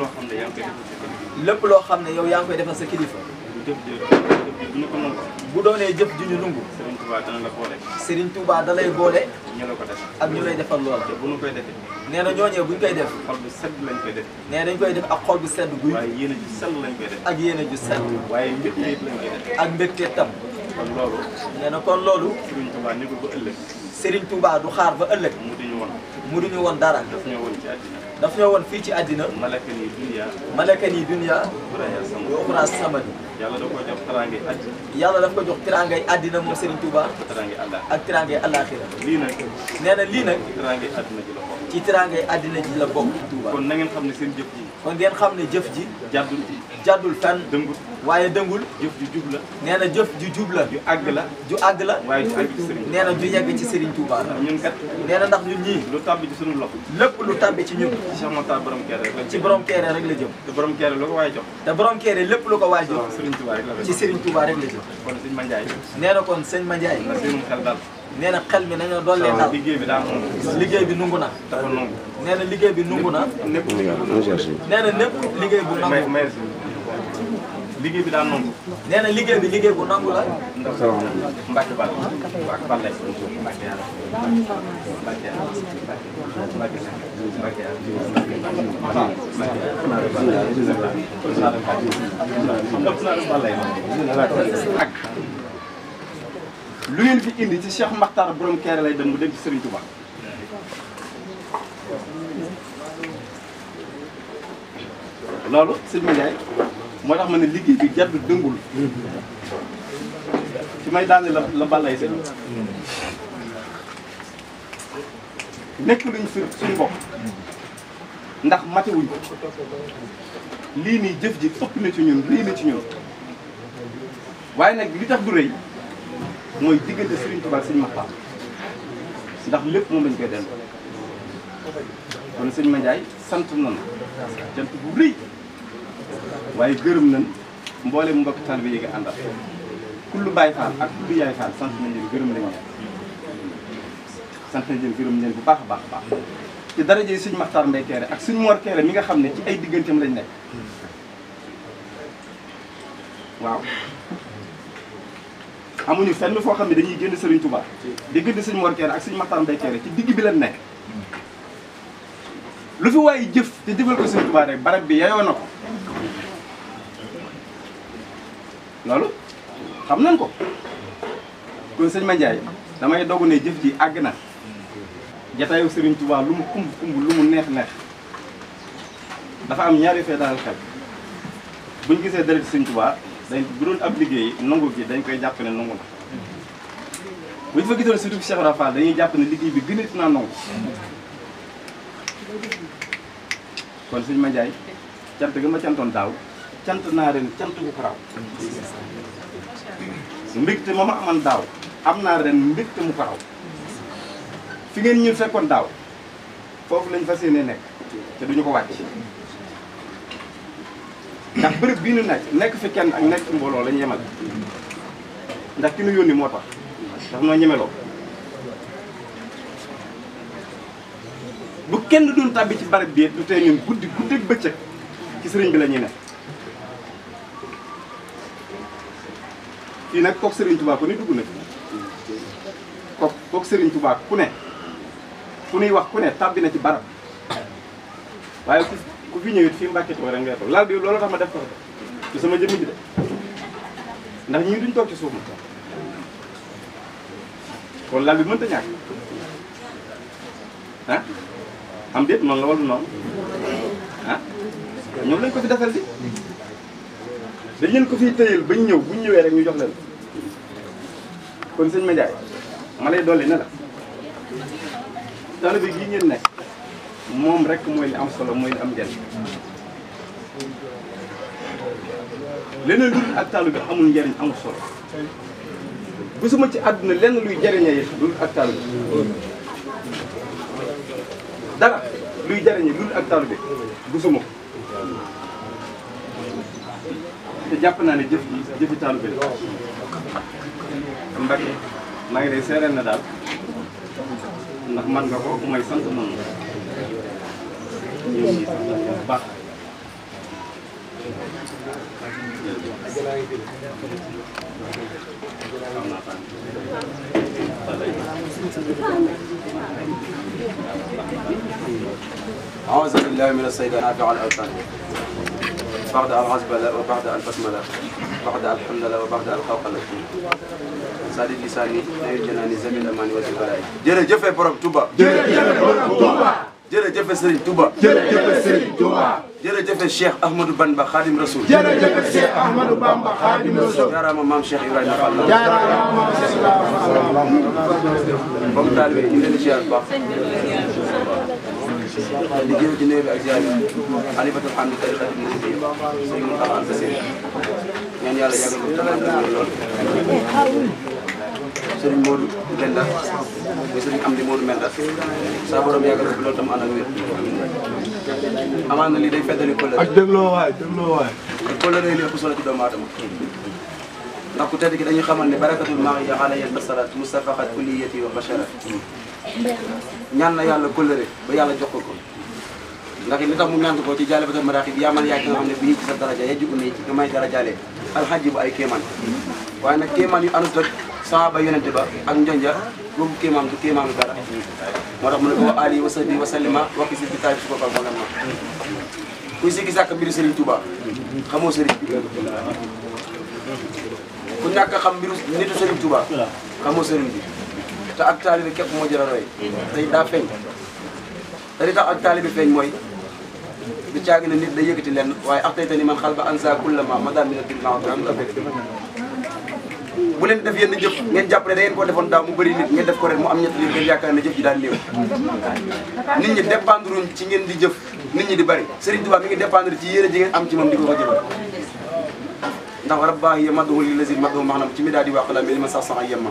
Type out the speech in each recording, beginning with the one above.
loo xam ne yaa ngi koy defal sa kilifa. lépp loo xam ne yow yaa ngi koy defal sa kilifa. bu ñu ko nangu. bu doonee jëf ju ñu nangu. Serigne Touba dana la boole. Serigne Touba da lay boole. ñu la ko def ak ñu lay defal loola. te bu ñu koy defee. nee na ñooñee bu ñu koy def. xol bu sedd lañ koy def. nee dañ koy def ak xol bu sedd guy. waaye yéen a ju sell lañ koy def. ak yéen a ju sell. waaye mbégte lañ koy def. ak mbégte tam. kon loolu. nee na kon loolu. Serigne Touba nekkul ba ëllëg. Serigne Touba du xaar ba ëllëg. mu duñu woon dara. daf ñoo woon ci àddina. daf ñoo woon fii ci àddina. malakan yi dunya. malakan yi dunya. uxraa samani. yàlla da ko jox tiraangay àddina. yàlla daf ko jox tiraangay àddina moom Serigne Touba. ak tiraangay àllaaxira. lii nag. nee na lii nag. tiraangay àddina ji la bokk. ci tiraangay àddina ji la bokk. Touba kon na ngeen xam ne seen jëf ji. kon ngeen xam ne jëf ji. jàddul ji. jàddul tan dëngul waaye dëngul jëf ju jub la nee na jëf ju jub la ju àgg la ju àgg la waaye ju àgg ci sëriñ nee yegg ci sëriñ Touba la ñun kat nee na ndax ñu ñii lu tàbbi ci suñu loxo lépp lu tàbbi ci ñun ci Cheikh Moussa la ci borom keere rek la jëm te borom keere lu ko waaye jox te borom keere lépp lu ko waaye jox sëriñ Touba rek la ci sëriñ Touba rek la jëm kon nee kon sëñ Mandiaye na xel nee na xel mi nañoo dollee daal liggéey bi daa liggéey bi nungu na dafa nangu nee na liggéey bi nungu na nee na népp liggéey bu nangu liggéey bi daal nangu. nee liggéey bi liggéey bu nangu la. ndax Mbacke Bal Mbacke Bal lay Mbacke yàlla Mbacke yàlla Mbacke yàlla Mbacke ak lu ngeen fi indi ci Cheikh Makhtar borom Kéré lay dem mu dem moo tax ma ne liggéey bi jàdd dëngul ci may daane la la bàllay seen nekk luñ suñ suñu bopp ndax matewuñ lii nii jëf ji ëpp na ci ñun rëy na ci ñun waaye nag li tax du rëy mooy diggante Serigne Touba Serigne Makhtar ndax lépp moom lañ koy dem kon Serigne Mandiaye sant nañu cant bu rëy waaye gërëm nañ mboolem mbokk bi yi nga àndal kullu Baay Faal ak kullu Yaay Faal sant nañ gërëm nañ sant nañ leen gërëm leen bu baax a baax a baax ci daraje suñ Maxtaar Mbay Keere ak suñu Moor Keere mi nga xam ne ci ay digganteem lañ nekk waaw amuñu fenn foo xam ne dañuy génn Serigne Touba diggante suñu Moor Keere ak suñ Maxtaar Mbay Keere ci digg bi lañ nekk lu fi waaye jëf te jëfal ko Serigne Touba rek barab bi yayoo ko loolu xam nañ ko kon sëñ Mandiaye damay dogu ne jëf ji àgg na jataayu Sëriñ Tuubaa lu mu kumb kumb lu mu neex neex dafa am ñaari fee daal bu ñu gisee deret Sëriñ Tuubaa dañ bu doon ab liggéey nangu gi dañ koy jàpp ne nangu na bu ñu fa gisoon surtout Cheikh Rafa dañuy jàpp ne liggéey bi gën a naa nangu kon sëñ Mandiaye cant gi ma cantoon daaw cant naa ren cant ko raw mbégte ma ma amoon daaw am ren mbégte mu raw fi ngeen ñu fekkoon daaw foofu lañ fas yéene te duñu ko wàcc ndax bërëb bii nu nekk nekk fi kenn ak nekk mbooloo lañu yemal ndax ki nu yónni moo ndax noo bu kenn ci bi du ñun guddi ci bi fii nag kook Serigne Touba ku ne dugg na fi kook kook Serigne Touba ku ne ku nuy wax ku ne tàbbi na ci barab waaye ku ku fi ñëwit fii Mbàkke Touba rek ngay toog lal bi loolu tax ma def ko du sama jëmm ji de ndax ñii duñ toog ci suuf ma kon lal bi mënta ñàkk ah am déet noonu la wala noonu ah ñoom lañ ko fi defal di dañ leen ko fiy tëyal bañ ñëw buñ ñëwee rek ñu jox leen kon sëñ Mandiaye ma lay dolli ne la taalibe gi ngeen nekk moom rekk mooy li am solo mooy li am njariñ leneen lu dul ak taalibe bi amul njariñ amul solo gisuma ci àdduna lenn luy jariñe yi lu dul ak taalibe dara luy jariñe lu dul ak taalibe gisuma ko te jàpp naa ne jëf ji jëfi taalibe la Mbacke maa ngi lay seereel na daal ndax man nga ko mooy sant man nga ñoom ñi sant nañ bu baax أعوذ بالله من الشيطان الرجيم بعد العزبلة وبعد البسملة بعد الحللة وبعد القوقلة سادي لساني نير جناني زميل أماني وزبراي جرى جفة برم توبا جرى جفة برم توبا جرى جفة سرين توبا جرى جفة سرين توبا جرى جفة الشيخ أحمد بن خادم رسول جرى جفة الشيخ أحمد بن خادم رسول يا رام مام شيخ إبراهيم الله يا رام مام شيخ إبراهيم الله بمتالبي إنجليزي أربعة di jëw ci néew bi ak ziar bi xalifatul xam ne tarixati mu ngi sëñ mu taxaan sa sëñ ñaan yàlla yàggal ko taxaan lool sëriñ Modou Mbenda muy sëriñ Amdi Modou Mbenda sa borom yàggal ko loolu tam ànd ak wér amaan na lii day feddali kóllëre ak dégloo waay dégloo waay kóllëre yi lépp solo ci doomu aadama ndax ku tedd gi dañu xamal ne barakatul maa yaxaala yel basarat mustafaxat kulliyati wa basharat ñaan na yàlla kóllëre ba yàlla jox ko ko ndax li tax mu ñaan ko ci jaale ba maraaxi bi yaa man yaay nga xam ne bi ñu sa daraja ya jugu nii ci nga may darajaale alxaji bu ay kéemaan waaye nag kéemaan yu anut ak saaba yonente ba ak njonja boobu kéemaan du kéemaanu dara moo tax mu ne ko wa ali wa sahbi wa sallima waxi si bitaay bi su ko fal moo ma kuy sikki sàkk mbiru Serigne Touba xamoo Serigne bi ku ñàkk xam mbiru nitu Serigne Touba xamoo Serigne bi te ak taalibi képp moo jëra roy tey daa feeñ te li tax mooy du caagi na da day yëkkati lenn waaye ak tey te ni man xal ba ansa kullama ma daan mi na dim naawam ëpp bu leen def yenn jëf ngeen jàpp ne da ngeen ko mu bëri nit def ko ren mu am ñett li ngeen yaakaar ne jëf ji daan néew nit ñi dépendruñ ci ngeen di jëf nit ñi di bëri Serigne Touba mi ngi ci yéene ji ngeen am ci moom di ko ko jëfal ndax rabbaahi ya madohu li lazine madohu max nam ci mi daal di wàq la mel ni ma sax sax ak yemma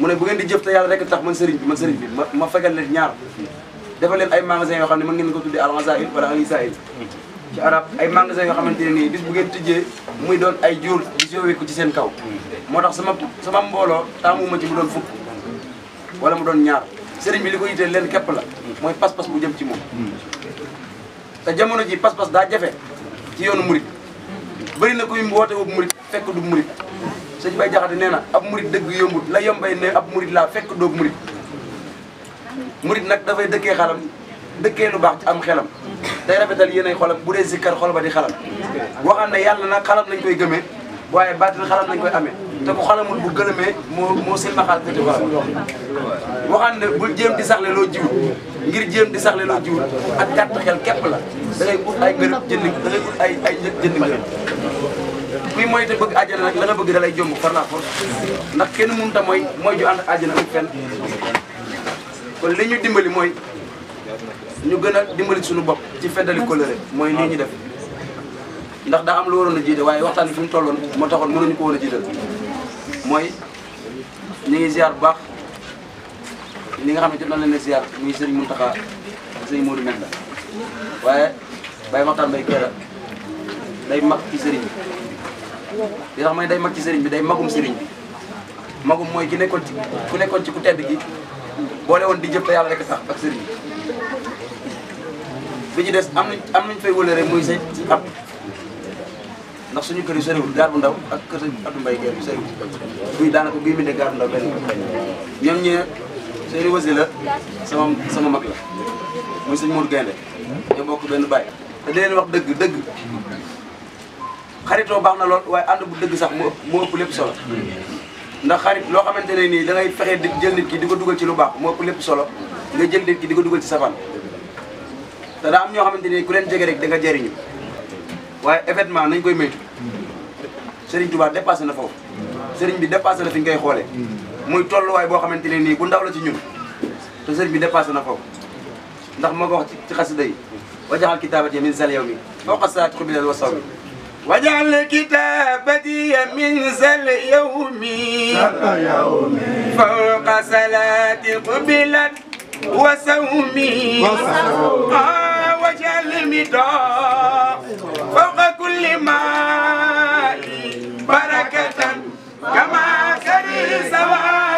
mu ne bu ngeen di jëf te yàlla rek tax man sëriñ bi man sëriñ bi ma ma fegal leen ñaar defal leen ay magasin yoo xam ne mën ngeen ko tuddee alxasail wala alisail ay magasin yoo xamante ne nii bis bu ngeen tijjee muy doon ay jur di soweeku ci seen kaw moo tax sama sama mbooloo taamuma ci mu doon fukk wala mu doon ñaar sëriñ bi li ko yitee leen képp la mooy pas-pas bu jëm ci moom hmm. te jamono ji pas-pas daa jafe ci yoonu murit bari na ko kuy wote ab mourid fekk du mourid seigne bay jaxati neena ab mourid deug yombut la yombay ne ab mourid la fekk do mourid mourid nak da fay dëkkee xalam dëkkee lu bax ci am xelam day rafetal yéen xolam bu dee sikkar xol ba di xalam waxaan ne yàlla nag xalam lañ koy gëmé waaye baatin xalaat lañ koy amee te ku xalamul bu gëlëmee moo moo silmaxaal gëti wala waxaan ne bu jéem di saxle loo jiw ngir jéem di saxle loo jiwul ak gàtt xel képp la da ngay ut ay ngërëm jënd da ngay ay ay jënd kuy mooy te bëgg àjjana nag la nga bëgg da lay jomb par la force ndax kenn mënut a mooy mooy ju ànd àjjana ak fenn kon li ñu dimbali mooy ñu gën a dimbali suñu bopp ci feddali coloré mooy lii ñu def ndax daa am lu waroon a jiite waaye waxtaan bi fi mu tolloon moo taxoon mënuñu ko woon a jiital mooy ñu ngi ziar bu baax li nga xam ne jot na leen a ziar muy sëriñ Mountakha sëriñ Modou Menda waaye Baye Makhtar Mbaye Kera day mag ci sëriñ bi li tax day mag ci sëriñ bi day magum sëriñ bi magum mooy ki nekkoon ci ku nekkoon ci ku tedd gi boole woon di jëpp te yàlla rek sax ak sëriñ bi bi ci des am nañ am nañ fay wëlëre muy sa ab ndax suñu kër yi soriwul gaar bu ndaw ak kër sëñ Abdou Mbaye Guèye bu soriwul buy daanaka guy mi de gaar ndaw ben ñom ñe seeni wasi la sama sama mag la muy sëñ Mour Gaynde ñu bokk ben bay da leen wax deug dëgg xaritoo baax na lool way and bu deug anu sax mo ëpp lepp solo ndax xarit lo xamantene ni da ngay fexé di jël nit ki diko duggal ci lu bax mo ëpp lepp solo nga jël nit ki diko duggal ci safan da am ño xamante ku leen jégué rek da nga jëriñu waaye événement nañ koy moytu Serigne Touba dépassé na foofu Serigne bi dépassé na fi ñu koy xoolee muy tolluwaay boo xamante ne nii bu ndaw la ci ñun te Serigne bi dépassé na foofu ndax moo ko wax ci xasida yi wajaxal kitaabati min sal yow mi fawqa saati xubilal wa saw mi wajaxal kitaabati min sal yow ah, mi fawqa salaati xubilat wa saw mi wajaxal mi doon كل ماء بركة كما سري سواه